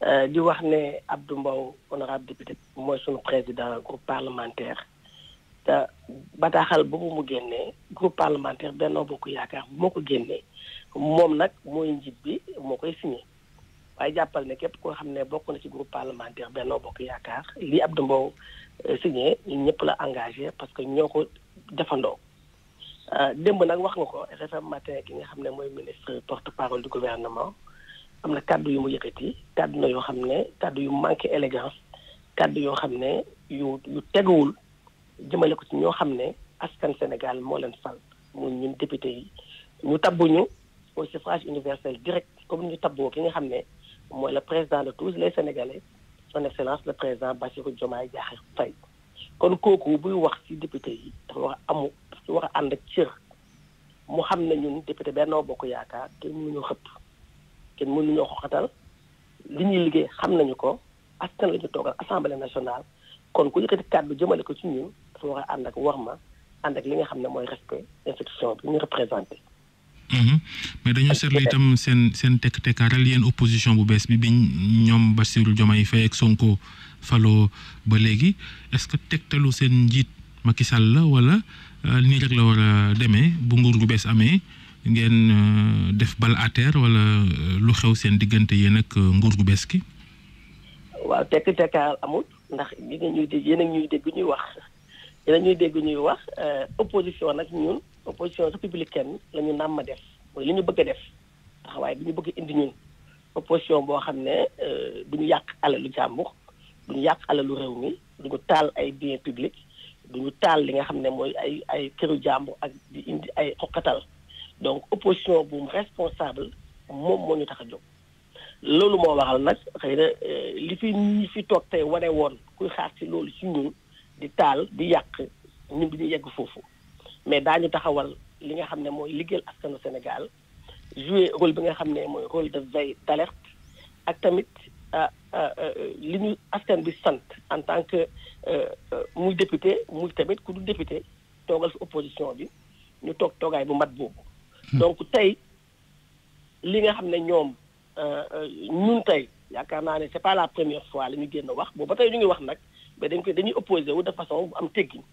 Euh, di wax ne Abdou Mbow honorable député mooy sunu président groupe parlementaire te bataaxal boobu mu génnee groupe parlementaire Benno Bokk Yaakaar moo ko génnee moom nag mooy njiit bi moo koy signé waaye jàppal ne képp koo xam ne bokk na ci groupe parlementaire Benno Bokk Yaakaar lii Abdou Mbow euh, signé ñun ñëpp la engagé parce que ñoo ko defandoo euh, démb nag wax nga ko RFM matin ki nga xam ne mooy ministre porte parole du gouvernement am na kàddu yu mu yëkkati kàddu na yoo xam ne kàddu yu manqué élégance kàddu yoo xam ne yu yu teguwul jëmale ko ci ñoo xam ne askan Sénégal moo leen fal muy ñun député yi ñu ñu tabbuñu au suffrage universel direct comme ñu tabboo ki nga xam ne mooy la président de tous les Sénégalais son excellence le président Bassirou Diomaye Diakhar Faye kon kooku buy wax ci député yi dafa war amu dafa war a ànd ak cër mu xam ne ñun député Benno Bokk Yaakaar te kenn mënuñoo xoxatal li ñuy liggéey xam nañu ko askan la ñu assemblée nationale kon ku yëkkati kàddu jëmale ko ci ñun dafa war a ànd ak war ma ànd ak li nga xam ne mooy respect institution bi ñu représenté. Mhm. mais dañoo seetlu itam seen seen tekk-tekkaaral yéen opposition bu bees bi bi ñoom Bassirou Diomaye Faye ak Sonko falo ba léegi est-ce que tegtalu seen njiit Macky Sall la wala euh, nii rek la war a demee bu nguur gu bees amee. ngeen euh, def bal à terre euh, lu xew seen diggante yéen ak euh, nguur gu bees ki waaw tekk tekkaar amul ndax gi nga ñuy dégg yéen ak ñuy ñuy wax yéen ñuy dégg ñuy wax opposition nag ñun opposition républicaine la ñu nàmm def mooy li ñu bëgg a def taxawaay bi ñu bëgg indi ñun opposition boo xam ne du ñu yàq alalu jàmbur du ñu yàq alalu réew mi du ñu taal ay biens publics du ñu taal li nga xam ne mooy ay ay këru jàmbur ak di indi ay xoqatal donc opposition bu responsable moom moo ñu tax a jóg loolu moo waral nag xëy na euh, li fi ñi fi toog tey ware woon kuy xaar ci loolu ci ñun di taal di yàq ñun bi ñu yegg foofu mais daañu taxawal li nga xam ne mooy liggéeyal askanu Sénégal jouer rôle bi nga xam ne mooy rôle de veille d'alerte ak tamit euh, euh, li ñu askan bi sant en tant que muy député muy tamit ku du député toogal fi opposition bi ñu toog toogaay bu mat boobu donc tey li nga xam ne ñoom euh, euh, ñun tey yaakaar naa ne c'est pas la première fois la ñu génn wax boobu ba tey ñu ngi wax nag mais dañ koy dañuy opposé wu de façon bu am teggin